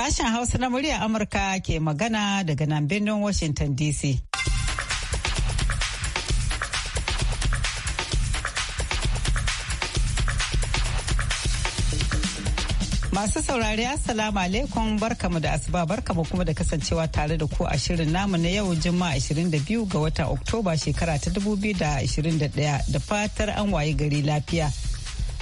Sashen Hausa na murya Amurka ke magana daga nan birnin Washington DC. Masu saurari Assalamu alaikum barkamu da asuba barkamu kuma da kasancewa tare da ku a shirin namu na yau Juma'a 22 ga watan Oktoba shekara ta 2021 da fatar an wayi gari lafiya.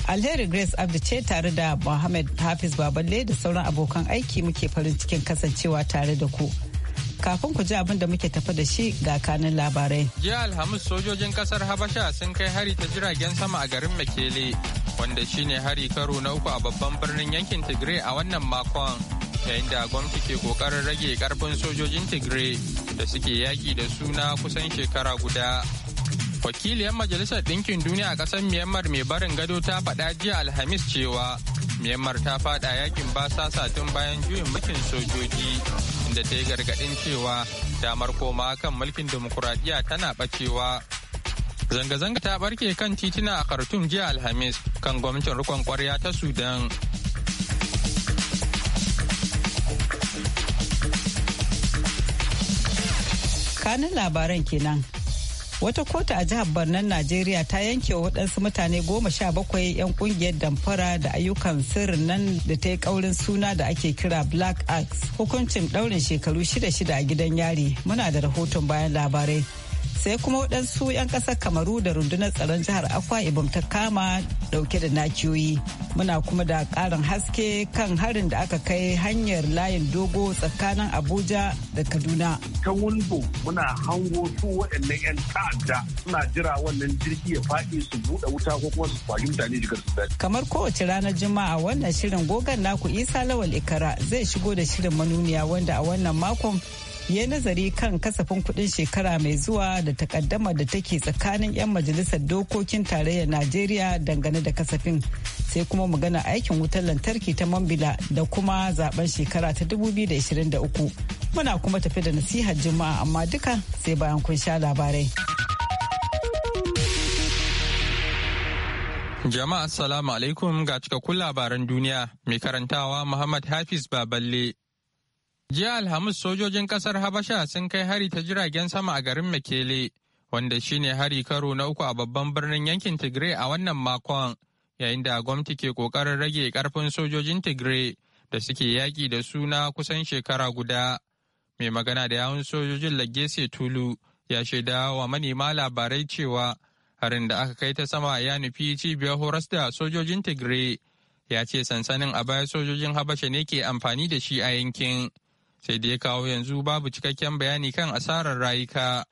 Alheri Grace Abdu ce tare da Mohammed Hafiz Baballe da sauran abokan aiki muke farin cikin kasancewa tare da ku. Kafin ku ji abin da muke tafa da shi ga kanin labarai. Jiya Alhamis sojojin kasar Habasha sun kai hari ta jiragen sama a garin makele wanda shine hari karo na uku a babban birnin yankin Tigray a wannan makon. Yayin da gwamnati ke kokarin rage karfin sojojin Tigray da suke yaki da suna kusan shekara guda. wakiliyar majalisar ɗinkin duniya a ƙasar myanmar mai barin gado ta faɗa jiya alhamis cewa myanmar ta faɗa yakin basasa tun bayan juyin mulkin sojoji inda ta yi gargaɗin cewa damar koma kan mulkin demokuraɗiyya tana ɓacewa zanga-zanga ta ɓarke kan titina a khartoum jiya alhamis kan gwamnatin rikon kwarya ta sudan kanin labaran kenan wata kotu a jihar Barnan Najeriya ta yanke wa waɗansu mutane goma sha bakwai 'yan ƙungiyar damfara da ayyukan sirrin nan da ta yi ƙaurin suna da ake kira Black Axe hukuncin ɗaurin shekaru shida shida a gidan yari muna da rahoton bayan labarai. sai kuma waɗansu 'yan ƙasar kamaru da rundunar tsaron jihar akwa ibom ta kama ɗauke da nakiyoyi muna kuma da ƙarin haske kan harin da aka kai hanyar layin dogo tsakanin abuja da kaduna ta wundo muna hango su waɗannan 'yan ta'adda suna jira wannan jirgi ya faɗi su buɗe wuta ko kuma su kwaji mutane jigar su kamar kowace ranar juma'a wannan shirin gogan naku isa lawal ikara zai shigo da shirin manuniya wanda a wannan makon ya nazari kan kasafin kudin shekara mai zuwa da takaddama da take tsakanin 'yan majalisar dokokin tarayyar najeriya dangane da kasafin sai kuma magana aikin wutar lantarki ta mambila da kuma zaben shekara ta 2023 muna kuma tafi da nasihar juma'a amma duka sai bayan kun sha labarai jama'a assalamu alaikum ga cikakkun labaran duniya mai karantawa muhammad hafiz baballe Jiya Alhamis sojojin kasar Habasha sun kai hari ta jiragen sama a garin Mekele, wanda shine hari karo na uku a babban birnin yankin Tigray a wannan makon, yayin da gwamnati ke kokarin rage karfin sojojin Tigray da suke yaƙi da suna kusan shekara guda. Mai magana da yawun sojojin Lagese Tulu ya shaida wa manema labarai cewa harin da aka kai ta sama ya nufi cibiyar horas da sojojin Tigray. Ya ce sansanin a baya sojojin Habasha ne ke amfani da shi a yankin. sai da ya kawo yanzu babu cikakken bayani kan asarar rayuka.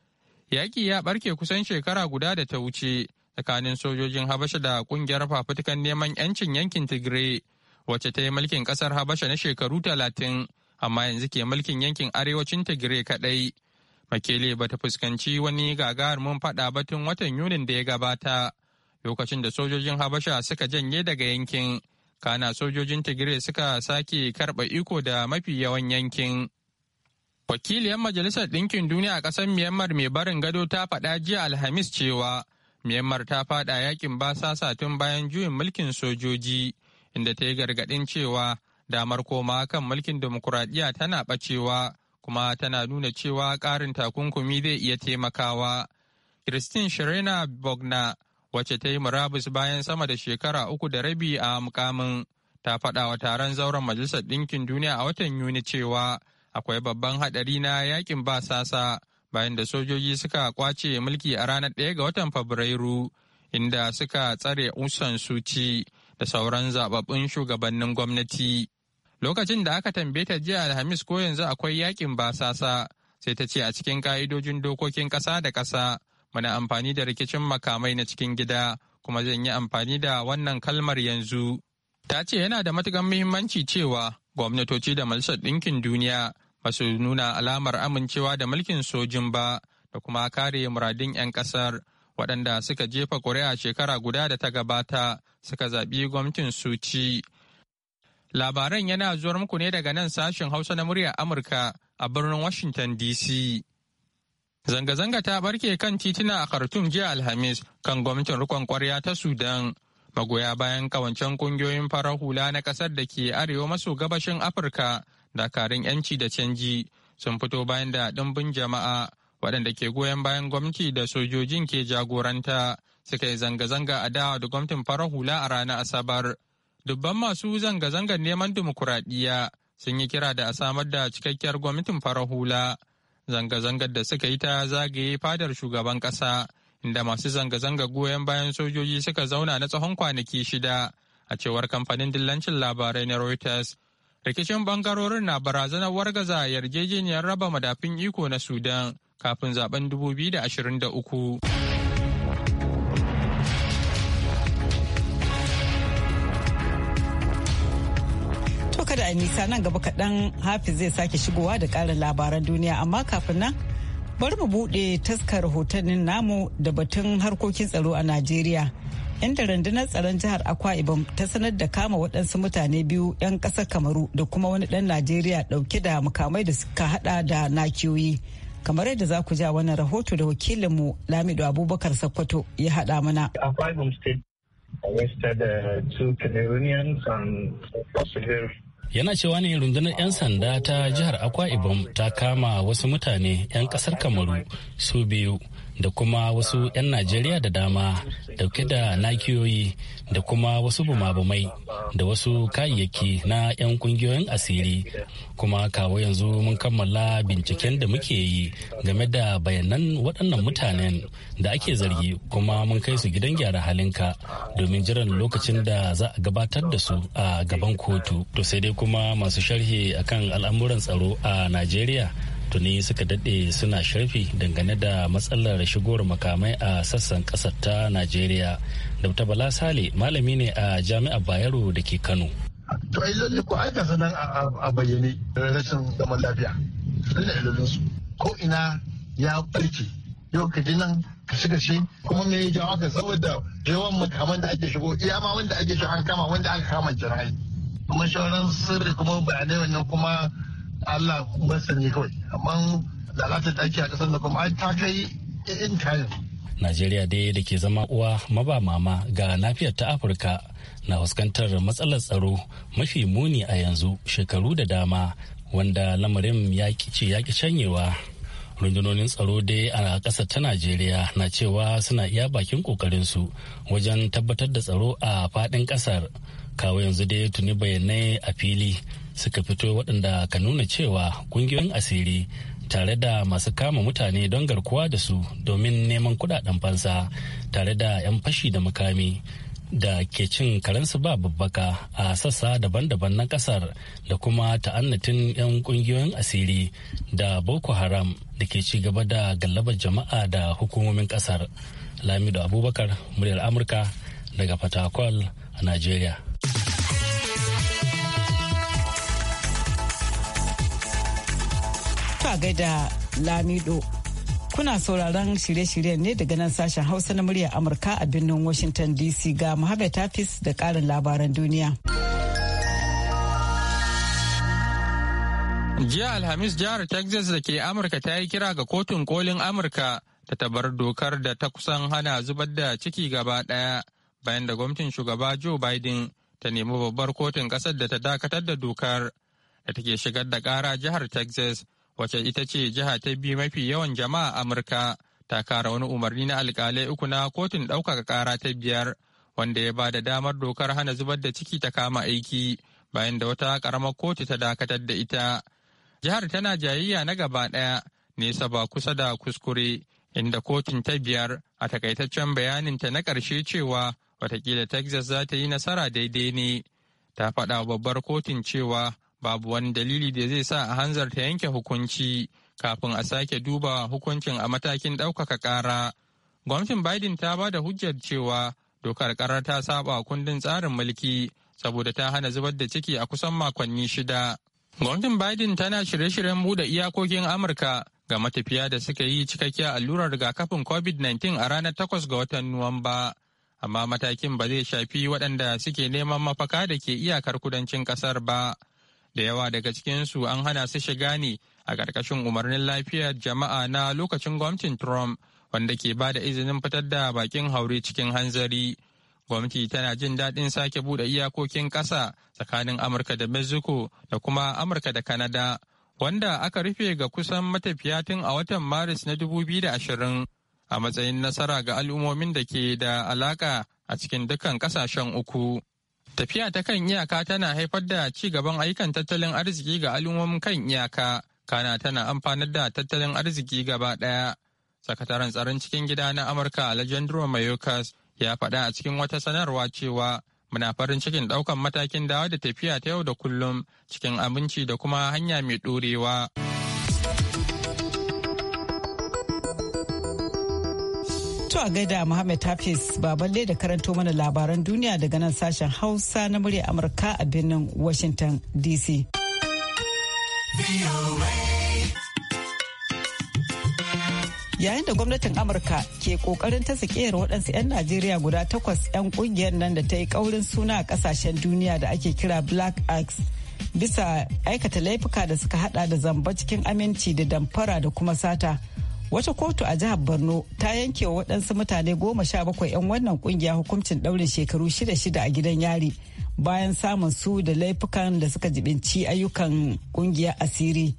Yaƙi ya ɓarke kusan shekara guda da ta wuce tsakanin sojojin Habasha da ƙungiyar fafutukan neman 'yancin yankin Tigray, wacce ta yi mulkin ƙasar Habasha na shekaru talatin, amma yanzu ke mulkin yankin arewacin Tigray kaɗai. Makele ba ta fuskanci wani gagarumin faɗa ba tun watan Yunin da ya gabata, lokacin da sojojin Habasha suka janye daga yankin. kana sojojin tigray suka sake karɓa iko da mafi yawan yankin wakiliyar majalisar ɗinkin duniya a ƙasar myanmar mai barin gado ta faɗa jiya alhamis cewa myanmar ta faɗa yakin basasa tun bayan juyin mulkin sojoji inda ta yi gargaɗin cewa damar koma kan mulkin demokuraɗiyya tana ɓacewa kuma tana nuna cewa ƙarin takunkumi zai iya taimakawa. Christine shirena Bogna wacce ta yi murabus bayan sama da shekara uku da rabi a mukamin ta faɗa wa taron zauren majalisar ɗinkin duniya a watan yuni cewa akwai babban haɗari na yakin ba sasa bayan da sojoji suka kwace mulki a ranar ɗaya ga watan fabrairu inda suka tsare usan suci da sauran zababbun shugabannin gwamnati lokacin da aka tambaye ta jiya alhamis ko yanzu akwai yakin basasa sai ta ce a cikin ka'idojin dokokin ƙasa da ƙasa muna amfani da rikicin makamai na cikin gida kuma zan yi amfani da wannan kalmar yanzu ta ce yana da matukan muhimmanci cewa gwamnatoci da malsar ɗinkin duniya ba su nuna alamar amincewa da mulkin sojin ba da kuma kare muradin 'yan ƙasar waɗanda suka jefa ƙuri'a shekara guda da ta gabata suka zaɓi gwamnatin suci labaran yana zuwar muku ne daga nan sashen hausa na muryar amurka a birnin washington dc Zanga-zanga ta barke kan titina a Khartoum jiya Alhamis kan gwamnatin rikon kwarya ta Sudan. Magoya bayan kawancen kungiyoyin farar hula na kasar da ke arewa maso gabashin Afirka, dakarun 'yanci da canji sun fito bayan da bin jama'a waɗanda ke goyon bayan gwamnati da sojojin ke jagoranta suka yi zanga-zanga a dawa da gwamnatin farar hula a ranar Asabar. Dubban masu zanga-zangar neman dimokuraɗiyya sun yi kira da a samar da cikakkiyar gwamnatin farar hula. zanga-zangar da suka yi ta zagaye fadar shugaban ƙasa inda masu zanga-zanga goyon bayan sojoji suka zauna na tsawon kwanaki shida a cewar kamfanin dillancin labarai na Reuters. Rikicin bangarorin na barazanar wargaza yarjejeniyar raba madafin iko na Sudan kafin zaben 2023. a nisa nan gaba kaɗan hafiz zai sake shigowa da ƙarin labaran duniya amma kafin nan bari mu buɗe taskar rahotannin namu da batun harkokin tsaro a najeriya inda rundunar tsaron jihar akwa ibom ta sanar da kama waɗansu mutane biyu 'yan ƙasar kamaru da kuma wani ɗan najeriya ɗauke da mukamai da suka haɗa da nakiyoyi kamar yadda za ku ja wani rahoto da wakilinmu lamido abubakar sakkwato ya haɗa mana arrested uh, two Cameroonians and yana cewa ne rundunar 'yan sanda ta jihar akwa ibom ta kama wasu mutane 'yan kasar kamaru su biyu da kuma wasu 'yan najeriya da dama dauke da nakiyoyi da kuma wasu bumabumai da wasu kayayyaki na 'yan kungiyoyin asiri kuma kawo yanzu mun kammala binciken da muke yi game da bayanan waɗannan mutanen da ake zargi kuma mun kai su gidan gyara halinka domin jiran lokacin da za a gabatar da su a gaban kotu to sai dai kuma masu sharhi akan al'amuran tsaro a najeriya tuni suka daɗe suna sharfi dangane da matsalar shigowar makamai a sassan ƙasar ta najeriya dr bala sale malami ne a jami'ar bayero da ke kano to ilolin ko aika sanan a bayyane rashin zaman lafiya suna ilolin su ko ina ya barke yau ka nan ka shiga shi kuma me ya jawo ka saboda yawan makaman da ake shigo iya ma wanda ake shi an kama wanda aka kama jira'i kuma sauran sirri kuma bayanai wannan kuma Allah kuma sanyi kawai amma lalatar da ake a kasar da kuma ta kai in kayan. Najeriya dai da ke zama uwa maba mama ga lafiyar ta Afirka na fuskantar matsalar tsaro mafi muni a yanzu shekaru da dama wanda lamarin ya ce ya ki canyewa. rundunonin tsaro dai a ƙasar ta najeriya na cewa suna iya bakin ƙoƙarinsu wajen tabbatar da tsaro a faɗin ƙasar kawo yanzu dai tuni bayanai a fili suka fito waɗanda ka nuna cewa ƙungiyoyin asiri tare da masu kama mutane don garkuwa da su domin neman kuɗaɗen fansa tare da 'yan fashi da mukami da ke cin karensu ba babbaka a sassa daban-daban na kasar da kuma ta'annatin 'yan ƙungiyoyin asiri da boko haram da ke ci gaba da gallabar jama'a da hukumomin kasar lamido abubakar muryar amurka daga fatakwal a nigeria Ka gaida Lamido. Kuna sauraron shirye-shiryen ne daga nan sashen Hausa na murya Amurka a birnin Washington DC ga Muhammad tafis da karin labaran duniya. Jiya Alhamis jihar Texas da ke Amurka ta yi kira ga kotun kolin Amurka ta tabar dokar da ta kusan hana zubar da ciki gaba daya bayan da gwamnatin shugaba Joe Biden ta nemi babbar kotun ƙasar da ta dakatar da dokar da take shigar da kara jihar Texas wacce ita ce jiha ta biyu mafi yawan jama'a a Amurka, ta kara wani umarni na alkalai uku na kotun ɗaukaka ƙara ta biyar, wanda ya ba da damar dokar hana zubar da ciki ta kama aiki bayan da wata karamar kotu ta dakatar da ita. Jihar tana jayayya na gaba ɗaya nesa ba kusa da kuskure, inda kotun ta biyar a takaitaccen bayanin ta na ƙarshe cewa watakila Texas za ta yi nasara daidai ne. Ta faɗa babbar kotun cewa babu wani dalili da zai sa a hanzarta yanke hukunci kafin a sake duba hukuncin a matakin ɗaukaka ƙara. Gwamnatin Biden ta ba da hujjar cewa dokar ƙarar ta saba kundin tsarin mulki saboda ta hana zubar da ciki a kusan makonni shida. Gwamnatin Biden tana shirye-shiryen buɗe iyakokin Amurka ga matafiya da suka yi cikakkiyar allurar rigakafin COVID-19 a ranar takwas ga watan Nuwamba. Amma matakin ba zai shafi waɗanda suke neman mafaka da ke iyakar kudancin ƙasar ba. da yawa daga cikinsu an hana su shiga ne a ƙarƙashin umarnin lafiyar jama'a na lokacin gwamnatin trump wanda ke ba da izinin fitar da bakin haure cikin hanzari gwamnati tana jin daɗin sake buɗe iyakokin ƙasa tsakanin amurka da mexico da kuma amurka da canada wanda aka rufe ga kusan matafiya tun a watan maris na 2020 a matsayin nasara ga al'ummomin da ke da alaka a cikin dukkan ƙasashen uku. Tafiya ta kan iyaka tana haifar da ci gaban ayyukan tattalin arziki ga al'ummomin kan iyaka, kana tana amfanar da tattalin arziki gaba ɗaya. Sakataren tsaron cikin gida na Amurka Alejandro Mayorkas ya faɗa a cikin wata sanarwa cewa muna farin cikin ɗaukan matakin dawa da tafiya ta yau da kullum cikin abinci da kuma hanya mai ɗorewa. To a gaida Muhammad Hafiz baballe da karanto mana labaran duniya daga nan sashen Hausa na murya Amurka a birnin Washington DC. Yayin da gwamnatin Amurka ke kokarin ta sakiyar waɗansu 'yan Najeriya guda takwas 'yan ƙungiyar nan da ta yi ƙaurin suna a ƙasashen duniya da ake kira Black Axe bisa aikata laifuka da suka hada da zamba cikin aminci da damfara da kuma sata. wata kotu a jihar borno ta yanke wa waɗansu mutane goma sha bakwai 'yan wannan kungiya hukuncin ɗaurin shekaru shida shida a gidan yari bayan samun su da laifukan da suka jibinci ayyukan kungiya asiri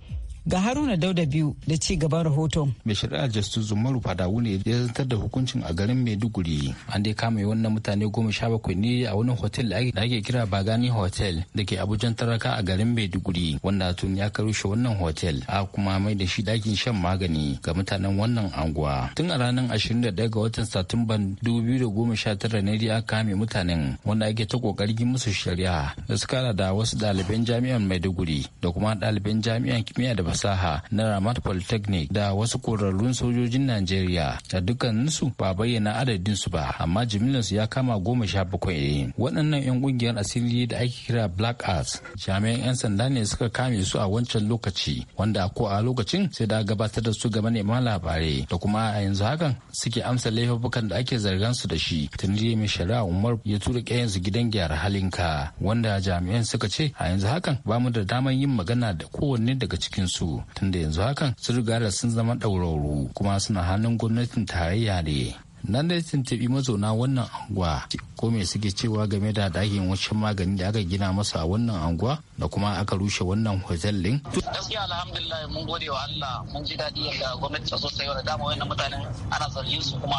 Ga Haruna Dauda biyu da ci gaban rahoton. Mai shari'a zuma Zumaru Fadawu ne ya zantar da hukuncin a garin Maiduguri. An dai kama wannan mutane goma sha bakwai ne a wani hotel da ake kira Bagani Hotel da ke abujan Taraka a garin Maiduguri wanda tun ya karushe wannan hotel a kuma mai da shi dakin shan magani ga mutanen wannan anguwa. Tun a ranar 21 ga watan Satumban 2019 ne dai aka kame mutanen wanda ake ta kokarin musu shari'a da suka da wasu ɗaliban jami'an Maiduguri da kuma ɗaliban jami'an kimiyya da fasaha na Ramat Polytechnic da wasu korarrun sojojin Najeriya da dukkaninsu ba bayyana adadin su ba amma su ya kama goma sha bakwai waɗannan 'yan ƙungiyar asiri da ake kira Black Arts jami'an 'yan sanda ne suka kame su a wancan lokaci wanda ko a lokacin sai da gabatar da su ga manema labarai da kuma a yanzu hakan suke amsa laifukan da ake zargan su da shi tunde mai shari'a Umar ya tura ƙayansu gidan gyara halinka wanda jami'an suka ce a yanzu hakan ba mu da damar yin magana da kowanne daga cikin su su tunda yanzu hakan sun riga da sun zama ɗaurauru kuma suna hannun gwamnatin tarayya ne nan da tabi mazauna wannan anguwa ko me suke cewa game da ɗakin wancan magani da aka gina masa a wannan anguwa da kuma aka rushe wannan hotel din. gaskiya alhamdulillah mun gode wa Allah mun ji daɗi da gwamnati ta so sayo da dama wannan mutanen ana zargin su kuma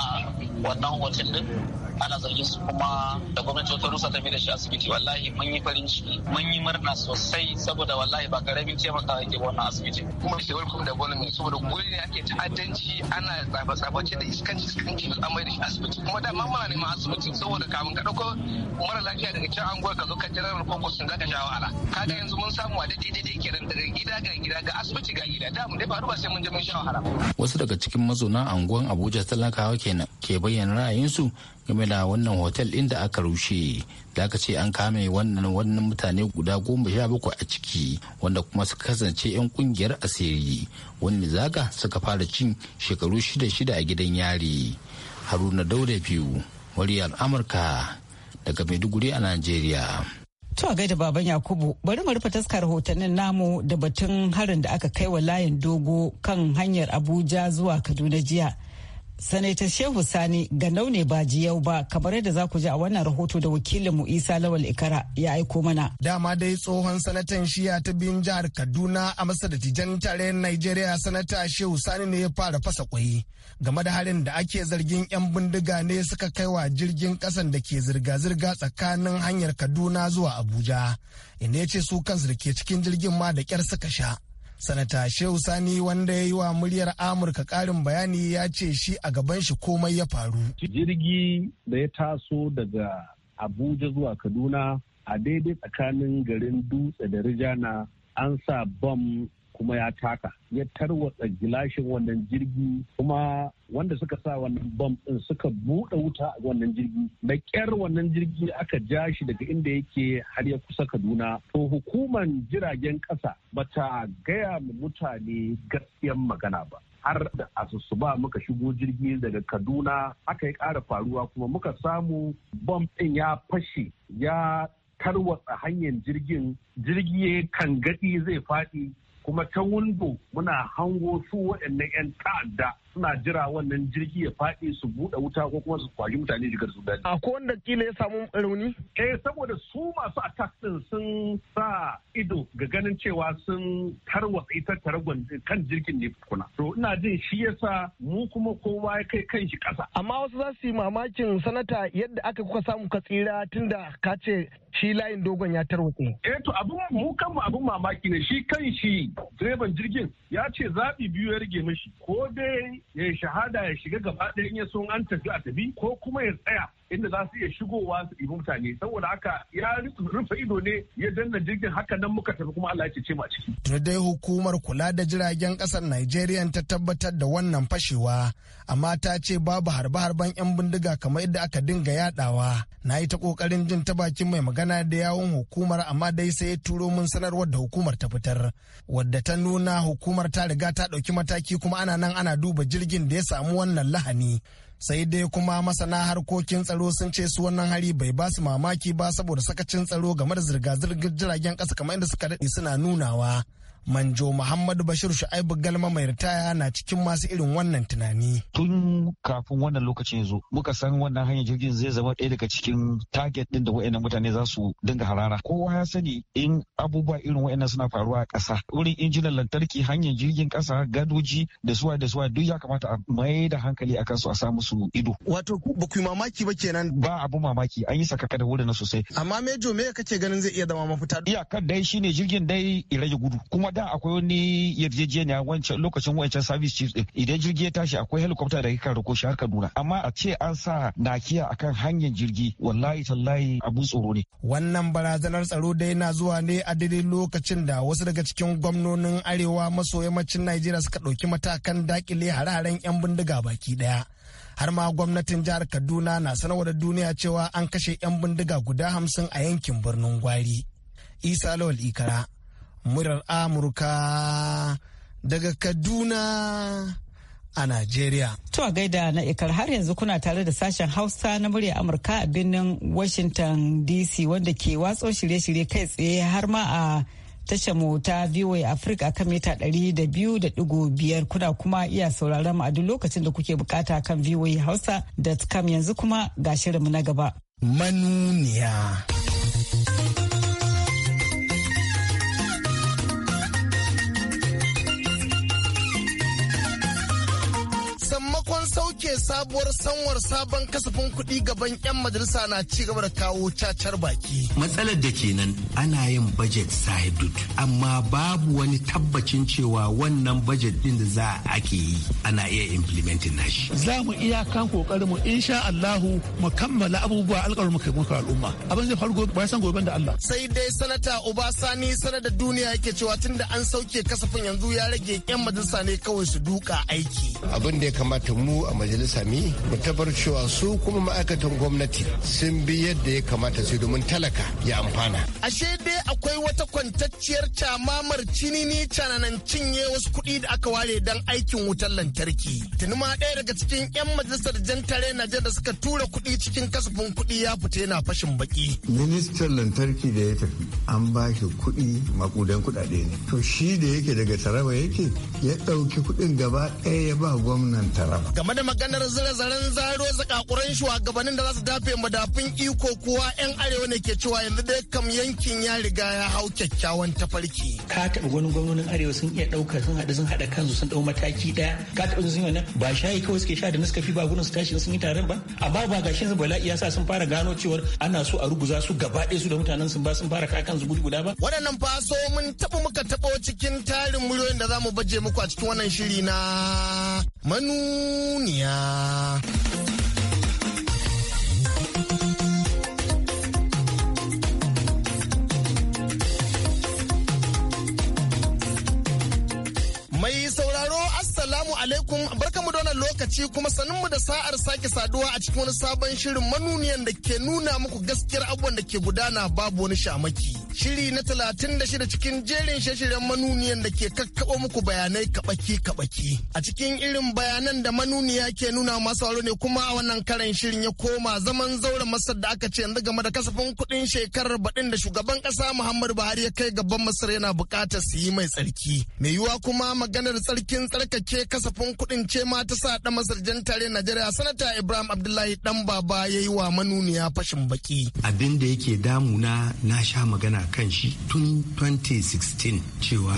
wannan hotel din ana zargin su kuma da gwamnati ta rusa ta da shi asibiti wallahi mun yi farin ciki mun yi murna sosai saboda wallahi ba karamin taimaka yake wannan asibiti kuma shi welcome da gwamnati saboda guri ne ake ta'addanci ana tsafa-tsafa da iskanci iskanci an mai da shi asibiti kuma da ne ma asibiti saboda kamun ka dauko mara lafiya daga can anguwar ka zo ka jiran ko sun ga ka sha wahala kaga yanzu mun samu a daidai daidai kenan daga gida ga gida ga asibiti ga gida da mu dai faru ba sai mun je mun sha wahala wasu daga cikin mazauna anguwan Abuja talakawa kenan ke bayyana ra'ayinsu game da wannan hotel inda da aka rushe da aka ce an kame wannan wannan mutane guda goma sha bakwai a ciki wanda kuma suka kasance 'yan kungiyar asiri wanda zaga suka fara cin shekaru shida shida a gidan yari haruna daure biyu muryar amurka daga maiduguri a najeriya To a gaida baban Yakubu bari mu rufe taskar hotonnin namu da batun harin da aka kai wa layin dogo kan hanyar Abuja zuwa Kaduna jiya Sanata Shehu Sani ga ne ba jiyau ba kamar yadda za ku ji a wannan rahoto da wakilin mu Isa Lawal Ikara ya aiko mana. Dama dai tsohon sanatan shiya ta biyun jihar Kaduna a masa da tijan tare Najeriya sanata Shehu Sani ne ya fara fasa kwai game da harin da ake zargin 'yan bindiga ne suka kai wa jirgin kasan da ke zirga-zirga tsakanin hanyar Kaduna zuwa Abuja. Inda ya ce su kansu da ke cikin jirgin ma da kyar suka sha. sanata shehu sani wanda ya yi wa muryar amurka karin bayani ya ce shi a gaban shi komai ya faru jirgi da ya taso daga abuja zuwa kaduna a daidai tsakanin garin dutse da rijana an sa bom kuma ya taka ya tarwatsa gilashin wannan jirgi kuma wanda suka sa wannan bam din suka buɗe wuta a wannan jirgi da ƙyar wannan jirgi aka ja shi daga inda yake har ya kusa kaduna to hukuman jiragen ƙasa bata gaya ma mutane gaskiyan magana ba har da asusuba muka shigo jirgi daga kaduna aka yi ƙara faruwa kuma muka samu bom din ya fashe ya tarwatsa hanyar jirgin jirgi ya kan gadi zai faɗi kuma ta wundo muna hango su waɗannan 'yan ta'adda suna jira wannan jirgi ya faɗi su buɗe wuta ko kuma su kwaji mutane jigar su A Akwai wanda kila ya samu rauni? Eh saboda su masu attack din sun sa ido ga ganin cewa sun tarwatsa ita taragon kan jirgin ne kuna. To ina jin shi yasa mu kuma kowa ya kai kanshi shi ƙasa. Amma wasu za su yi mamakin sanata yadda aka kuka samu ka tsira tunda ka ce shi layin dogon ya tarwatsa. Eh to abin mu kanmu abin mamaki ne shi kan direban jirgin ya ce zaɓi biyu ya rage mashi ko dai ya shahada ya shiga gaba ɗaya in ya so an tafi a tafi ko kuma ya tsaya inda za su iya shigowa su ɗibi mutane saboda haka ya rufe ido ne ya danna jirgin haka nan muka tafi kuma Allah ya ce mu ciki. Tun dai hukumar kula da jiragen kasar Najeriya ta tabbatar da wannan fashewa amma ta ce babu harbe-harben 'yan bindiga kamar yadda aka dinga yadawa. Na yi ta ƙoƙarin jin ta bakin mai magana da yawun hukumar amma dai sai ya turo mun sanarwar da hukumar ta fitar wadda ta nuna hukumar ta riga ta ɗauki mataki kuma ana nan ana duba jirgin da ya samu wannan lahani. sai dai kuma masana harkokin tsaro sun ce su wannan hari bai ba su mamaki ba saboda sakacin tsaro game da zirga-zirgar jiragen ƙasa kamar inda suka daɗe suna nunawa manjo muhammadu bashir shu'aibu galma mai ritaya na cikin masu irin wannan tunani tun kafin wannan lokacin zo muka san wannan hanyar jirgin zai zama ɗaya daga cikin target din da wayannan mutane za su dinga harara kowa ya sani in abubuwa irin wayannan suna faruwa a ƙasa wurin injinan lantarki hanyar jirgin ƙasa gadoji da suwa da suwa duk ya kamata a mai da hankali a kansu a sa musu ido wato ba ku mamaki ba kenan ba abu mamaki an yi sakaka da wurin sosai amma mejo me kake ganin zai iya zama mafita iyakar dai shine jirgin dai ya rage gudu kuma kuma da akwai wani yarjejeniya wancan lokacin wancan service chiefs din idan jirgi ya tashi akwai helicopter da kika rako shi har Kaduna amma a ce an sa nakiya akan hanyar jirgi wallahi tallahi abu tsoro ne wannan barazanar tsaro dai na zuwa ne a dare lokacin da wasu daga cikin gwamnonin arewa maso yammacin Najeriya suka ɗauki matakan dakile hare-haren 'yan bindiga baki daya har ma gwamnatin jihar kaduna na sanarwa da duniya cewa an kashe 'yan bindiga guda hamsin a yankin birnin gwari isa lawal ikara murar Amurka daga Kaduna a Najeriya. To a gaida na ikar har yanzu kuna tare da sashen Hausa na murya Amurka a birnin Washington DC wanda ke watso shirye-shirye kai tsaye har ma a tashar mu ta VOA Africa kan mita ɗari da da biyu biyar kuna kuma iya sauraron mu a duk lokacin da kuke bukata kan Hausa kam yanzu kuma ga shirinmu na gaba. Manuniya. soke sabuwar sanwar sabon kasafin kuɗi gaban 'yan majalisa na ci gaba da kawo cacar baki. Matsalar da kenan ana yin bajet sahidud amma babu wani tabbacin cewa wannan bajet din da za a ake yi ana iya implementing nashi. Za mu iyakan kokarin mu insha Allahu mu kammala abubuwa alƙawarin mu kai muka al'umma. Abin zai faru bayan san goben da Allah. Sai dai sanata Obasani sanar da duniya yake cewa tunda an sauke kasafin yanzu ya rage 'yan majalisa ne kawai su duka aiki. Abin da ya kamata mu a majalisa majalisa mi mu tabbar cewa su kuma ma'aikatan gwamnati sun bi yadda ya kamata su domin talaka ya amfana. Ashe dai akwai wata kwantacciyar camamar cinini cananan cinye wasu kuɗi da aka ware don aikin wutar lantarki. Tuni ma ɗaya daga cikin 'yan majalisar jantare Najeriya da suka tura kuɗi cikin kasafin kuɗi ya fita yana fashin baki. Ministan lantarki da ya tafi an ba shi kuɗi makudan kuɗaɗe ne. To shi da yake daga Taraba yake ya ɗauki kuɗin gaba ɗaya ya ba gwamnan Taraba. Game da maganar zira zaren zaro zakakuran shugabannin da za su dafe madafin iko kuwa 'yan arewa ne ke cewa yanzu dai kam yankin ya riga ya hau kyakkyawan tafarki. Ka taɓa wani gwamnonin arewa sun iya ɗauka sun haɗu sun haɗa kansu sun ɗau mataki ɗaya. Ka taɓa sun yi ba shayi kawai suke sha da nasu kafi ba gurin su tashi sun yi taron ba. Amma ba ga shin bala'i ya sa sun fara gano cewar ana so a ruguza su gaba ɗaya su da mutanen sun ba sun fara kakan su gudu guda ba. Waɗannan faso mun taɓa muka taɓo cikin tarin muryoyin da za mu baje muku a cikin wannan shiri na manuniya. lafiya. Uh, alaikum mu da wannan lokaci kuma sanin mu da sa'ar sake saduwa a cikin wani sabon shirin manuniyan da ke nuna muku gaskiyar abubuwan da ke gudana babu wani shamaki. Shiri na talatin da shida cikin jerin shirin manuniyan da ke kakkaɓo muku bayanai kaɓaki kaɓaki. A cikin irin bayanan da manuniya ke nuna masu aure ne kuma a wannan karan shirin ya koma zaman zaure masar da aka ce yanzu game da kasafin kuɗin shekarar baɗin da shugaban ƙasa Muhammadu Buhari ya kai gaban Masar yana buƙatar su yi mai tsarki. Mai yiwuwa kuma maganar tsarkin tsarkake kasa kasafin kuɗin ce ma ta sa ɗan masarjan tare Najeriya sanata Ibrahim Abdullahi ɗan baba ya yi wa manuniya fashin baki. Abin da yake damu na na sha magana kan shi tun 2016 cewa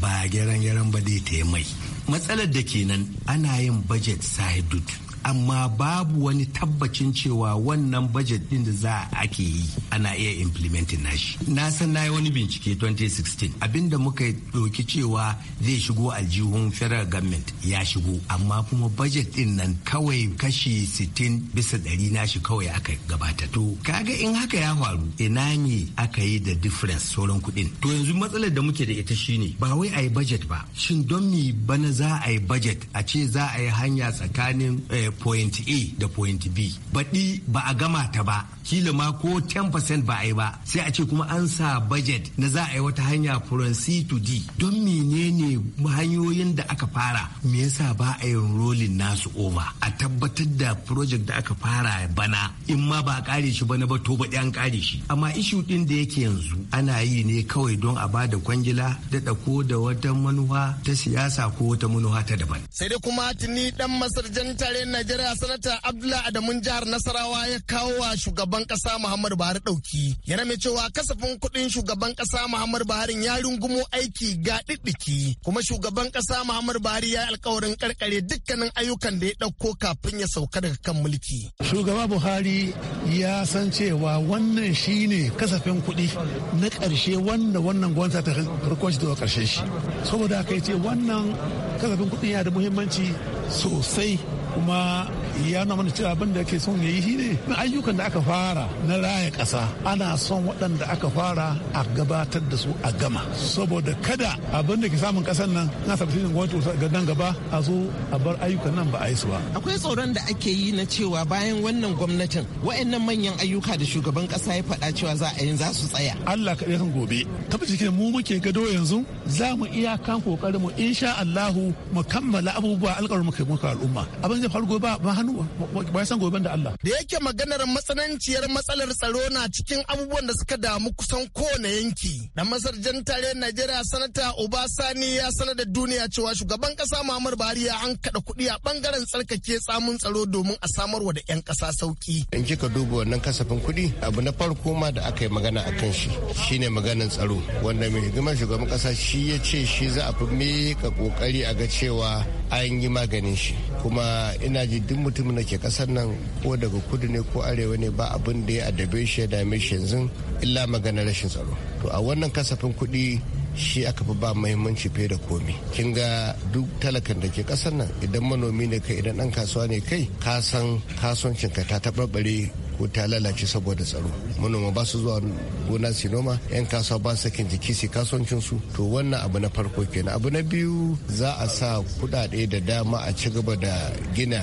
ba gyaran gyaran ba dai ta mai. Matsalar da kenan ana yin budget sahidud amma babu wani tabbacin cewa wannan budget din da za a ke yi ana iya implementing nashi na san na yi wani bincike 2016 abinda muka ɗauki cewa zai shigo aljihun federal government ya shigo amma kuma budget din nan kawai kashi 60 bisa ɗari nashi kawai aka gabata to kaga in haka ya faru ina ne aka yi da difference sauran kuɗin to yanzu matsalar da muke da ita shine ba wai a yi budget ba shin don mi bana za a yi budget a ce za a yi hanya tsakanin eh, da point A da point B. Baɗi ba a gama ta ba, kila ma ko 10% ba a yi ba, sai a ce kuma an sa budget na za a yi wata hanya from C to D. Don menene hanyoyin da aka fara, me yasa ba a yi rolling nasu over. A tabbatar da project da aka fara bana, in ma ba a kare shi bana ba to baɗi an kare shi. Amma ishu ɗin da yake yanzu ana yi ne kawai don a ba da kwangila da ɗako da wata manufa ta siyasa ko wata manufa ta daban. Sai dai kuma tuni ɗan masarjan tare na Najeriya sanata Abdullahi Adamun jihar Nasarawa ya kawo wa shugaban kasa Muhammadu Buhari dauki. Yana mai cewa kasafin kuɗin shugaban kasa Muhammadu Buhari ya rungumo aiki ga diddiki kuma shugaban kasa Muhammadu Buhari ya yi alkawarin karkare dukkanin ayyukan da ya ɗauko kafin ya sauka daga kan mulki. Shugaba Buhari ya san cewa wannan shine kasafin kuɗi na ƙarshe wanda wannan gwamnati ta farko shi da ƙarshen shi. Saboda haka ya ce wannan kasafin kuɗi yana da muhimmanci sosai 我们。ya na mana cewa abin da yake son ya yi shi ne ayyukan da aka fara na raya ƙasa ana son waɗanda aka fara a gabatar da su a gama saboda kada abin da ke samun ƙasar nan na sabbitin gwamnati ga nan gaba a zo a bar ayyukan nan ba a yi su ba akwai tsoron da ake yi na cewa bayan wannan gwamnatin waɗannan manyan ayyuka da shugaban kasa ya faɗa cewa za a yi za su tsaya Allah kaɗai kan gobe tabbata ke mu muke gado yanzu za mu iya kan kokarin mu insha Allahu mu kammala abubuwa alƙawarin muka al'umma abin faru gobe ba hannu hannu ba san goben da Allah. Da yake maganar matsananciyar matsalar tsaro na cikin abubuwan da suka damu kusan kowane yanki. Dan masar jan Najeriya sanata Obasani ya sanar da duniya cewa shugaban kasa Muhammadu Buhari ya an kada kuɗi a bangaren tsarkake tsamun tsaro domin a samar wa da 'yan kasa sauki. In kika duba wannan kasafin kuɗi abu na farko ma da aka yi magana a kan shi shine maganar tsaro wanda mai hidimar shugaban kasa shi ya ce shi za a fi mika kokari a ga cewa an yi maganin shi kuma ina ji duk mutumin da ke kasar nan ko daga kudu ne ko arewa ne ba abin da ya addabe shi ya dame shi yanzu illa magana rashin tsaro to a wannan kasafin kuɗi shi aka fi ba mahimmanci fiye da komi kin ga duk talakan da ke kasar nan idan manomi ne kai idan dan kasuwa ne kai ka san kasuwancin ka ta taɓarɓare ko ta lalace saboda tsaro manoma ba su zuwa gona su noma yan kasuwa ba su sakin jiki su kasuwancin su to wannan abu na farko kenan abu na biyu za a sa kuɗaɗe da dama a ci gaba da gina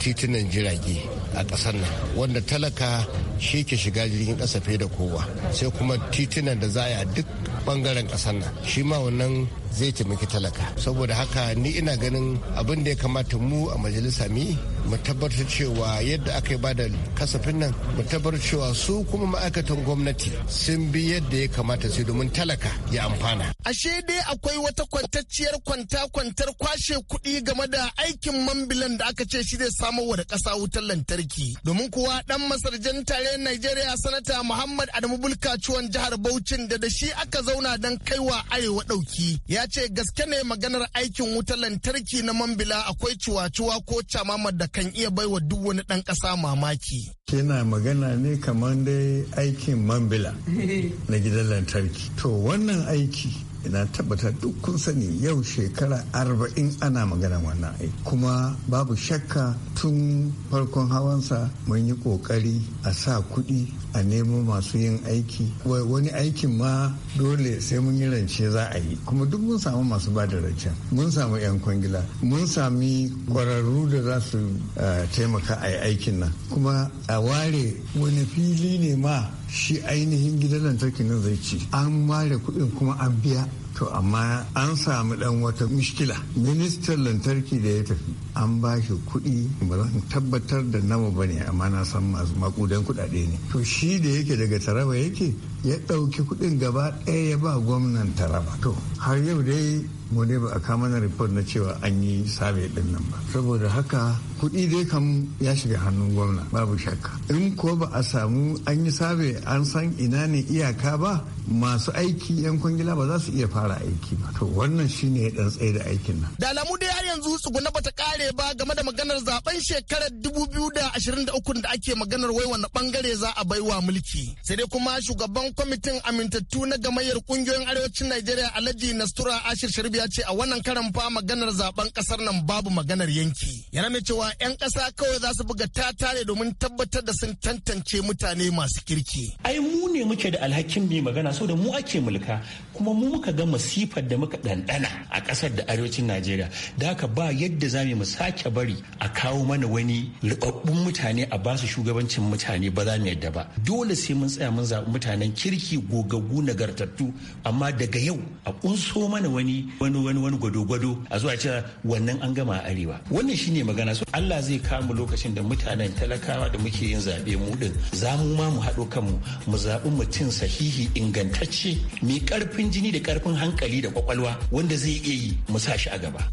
titunan jirage a ƙasar nan wanda talaka shi ke shiga jirgin ƙasa fiye da kowa sai kuma titunan da za a yi a duk bangaren ƙasar nan shi ma wannan zai taimaki talaka saboda haka ni ina ganin abin da ya kamata mu a majalisa mi mu tabbatar cewa yadda aka ba da kasafin nan mu tabbatar cewa su kuma ma'aikatan gwamnati sun bi yadda ya kamata su domin talaka ya amfana. Ashe dai akwai wata kwantacciyar kwanta kwantar kwashe kuɗi game da aikin mambilan da aka ce shi zai samo wa da kasa wutar lantarki. Domin kuwa ɗan masarjan tare Najeriya sanata Muhammad Adamu Bulka ciwon jihar Bauchin da da shi aka zauna don kaiwa arewa ɗauki ya ce gaske ne maganar aikin wutar lantarki na mambila akwai ciwa-ciwa ko camamar da kan iya baiwa duk wani ɗan ƙasa mamaki. Yana magana ne kamar dai aikin mambila na gidan lantarki. To wannan aiki ina tabbata duk kun sani yau shekara arba'in ana magana wannan aiki kuma babu shakka tun farkon hawansa mun yi kokari a sa kuɗi a nemo masu yin aiki wani aikin ma dole sai mun yi rance za a yi kuma duk mun samu masu ba da rancen mun samu 'yan kwangila mun sami kwararru da za su eh, taimaka a yi aikin nan kuma a ware wani fili ne ma shi ainihin gidan lantarki na zai ci an ware kuɗin kuma an biya to amma an samu dan wata mishkila ministan lantarki da ya tafi an ba shi kuɗi ba zan tabbatar da nawa ba ne amma na san masu makudan kuɗaɗe ne to shi da yake daga taraba yake ya ɗauki kuɗin gaba ɗaya ya ba gwamnan taraba to har yau dai mu ne ba a kama na report na cewa an yi sabe din nan ba saboda haka kuɗi dai kam ya shiga hannun gwamna babu shakka in ko ba a samu an yi sabe an san ina ne iyaka ba masu aiki yan kwangila ba za su iya fara aiki ba to wannan shine ya dan tsaye da aikin nan da alamu dai har yanzu tsuguna bata kare ba game da maganar zaben shekarar 2023 da ake maganar wai wani bangare za a baiwa mulki sai dai kuma shugaban kwamitin amintattu na gamayyar kungiyoyin arewacin Najeriya Alhaji Nastura Ashir Sharbi ya ce a wannan karan fa maganar zaben kasar nan babu maganar yanki yana mai cewa yan kasa kawai za su buga tare domin tabbatar da sun tantance mutane masu kirki ai mu ne muke da alhakin mai magana saboda mu ake mulka kuma mu muka ga masifar da muka ɗanɗana a ƙasar da arewacin najeriya da haka ba yadda za mu sake bari a kawo mana wani ribabbun mutane a basu shugabancin mutane ba za mu yadda ba dole sai mun tsaya mun zaɓi mutanen kirki gogaggu nagartattu amma daga yau a kunso mana wani wani wani wani gwado-gwado a zuwa cewa wannan an gama a arewa wannan shine magana so Allah zai kama lokacin da mutanen talakawa da muke yin zaɓe mu din za mu ma mu haɗo kanmu mu zaɓi mutum sahihi inganta ingantacce mai karfin jini da karfin hankali da kwakwalwa wanda zai iya yi mu sa shi a gaba.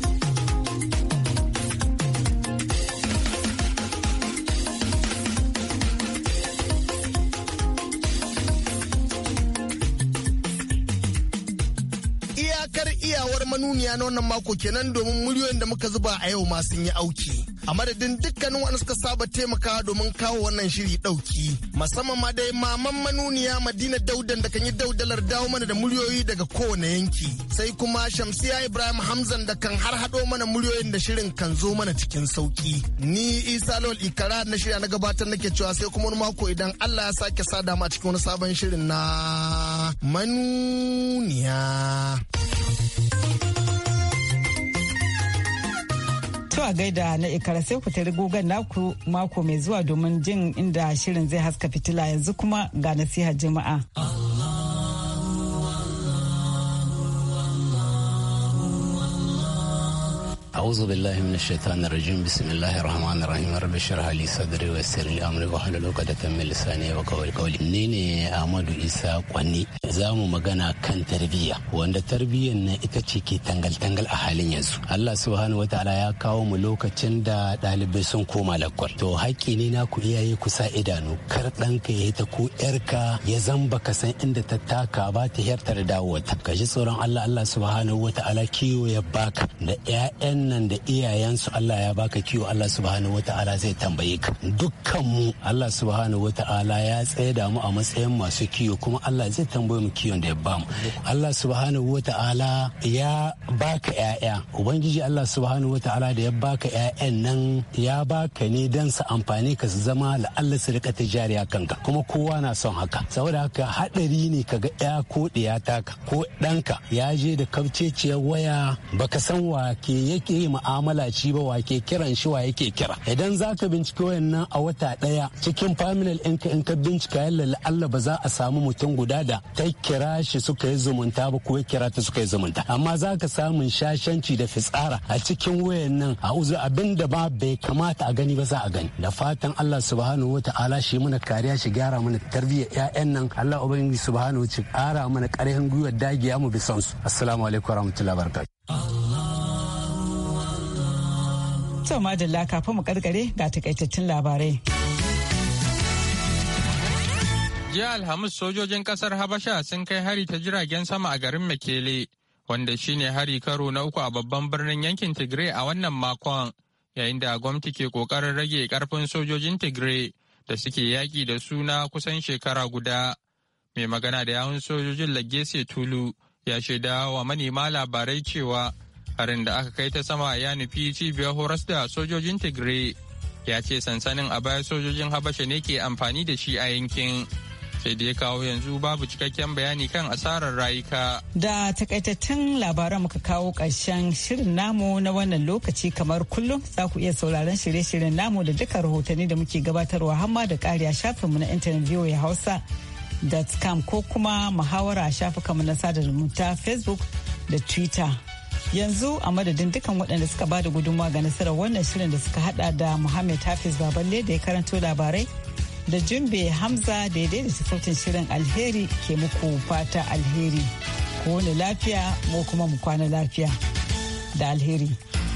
iyakar iyawar manuniya na wannan mako kenan domin muryoyin da muka zuba a yau ma sun yi auki. a madadin dukkanin wani suka saba taimaka domin kawo wannan shiri dauki musamman ma dai maman manuniya madina daudan da kan yi daudalar dawo mana da muryoyi daga kowane yanki sai kuma shamsiya ibrahim hamzan da kan har hado mana muryoyin da shirin kan zo mana cikin sauki ni isa lol ikara na shirya na gabatar nake cewa sai kuma wani mako idan allah ya sake sada ma cikin wani sabon shirin na manuniya. To a gaida na ikara sai ku tari gugan naku mako mai zuwa domin jin inda shirin zai haska fitila yanzu kuma ga nasiha jama'a. أعوذ بالله من الشيطان الرجيم بسم الله الرحمن الرحيم رب اشرح لي صدري ويسر لي أمري واحلل عقدة من لساني وقولي قولي نيني أحمد إيسا قني زامو مغانا كان تربية وأن التربية ita ce ke tangal-tangal a halin yanzu Allah subhanahu wataala ya kawo mu lokacin da ɗalibai sun koma lakwal to haƙƙi ne na ku iyaye ku sa idanu kar ɗanka ya ta ko ƴarka ya zamba ka san inda ta taka ba ta yarta da ta ji tsoron Allah Allah subhanahu wataala kiwo ya baka da ƴaƴan da iyayensu Allah ya baka kiwo Allah subhanahu wata'ala zai tambaye ka dukkan mu Allah subhanahu wata'ala ya da mu a matsayin masu kiwo kuma Allah zai tambaye mu kiwon da ya bamu Allah subhanahu wata'ala ya baka ƴaƴa ubangiji Allah subhanahu wata'ala da ya baka ƴaƴan nan ya baka ne dan su amfani ka su zama la'alla su rika tijariya kanka kuma kowa na son haka saboda haka hadari ne ka ga ɗaya ko ɗiya taka ko ɗanka ya je da kabceciyar waya baka san wa ke yake zai mu'amala ci ba wake kiran shi wa yake kira idan za ka bincike wayannan a wata daya cikin faminal in in ka bincika yalla Allah ba za a samu mutum guda da ta kira shi suka yi zumunta ba ko kira ta suka yi zumunta amma za ka samun shashanci da fitsara a cikin wayannan a uzu abin da ba bai kamata a gani ba za a gani da fatan Allah subhanahu wataala shi mana kariya shi gyara mana tarbiya 'ya'yan nan Allah ubangiji subhanahu wa ta'ala mana ƙarfin gwiwar dagiya mu bisansu assalamu alaikum warahmatullahi wabarakatuh To madalla kafin mu karkare ga takaitattun labarai. Jiya Alhamis sojojin kasar Habasha sun kai hari ta jiragen sama a garin Mekele, wanda shine hari karo na uku a babban birnin yankin Tigray a wannan makon, yayin da gwamnati ke kokarin rage karfin sojojin Tigray da suke yaƙi da suna kusan shekara guda. Mai magana da yawun sojojin Lagese Tulu ya shaida wa manema labarai cewa harin da aka kai ta sama ya nufi cibiyar horas da sojojin tigray ya ce sansanin a baya sojojin habasha ne ke amfani da shi a yankin sai da ya kawo yanzu babu cikakken bayani kan asarar rayuka. Da takaitattun labaran muka kawo karshen shirin namu na wannan lokaci kamar kullum za ku iya sauraron shirye-shiryen namu da duka rahotanni da muke gabatarwa hamma da ƙari a shafinmu na intanet VOA Hausa. com ko kuma muhawara a shafukanmu na sada zumunta Facebook da Twitter. yanzu a madadin dukkan waɗanda suka bada gudunmawa ga nasarar wannan shirin da suka hada da muhammed hafiz baballe da ya karanto labarai da jumbe hamza da ya daidaita sautin shirin alheri ke muku fata alheri ko wani lafiya mu kuma mu kwana lafiya da alheri.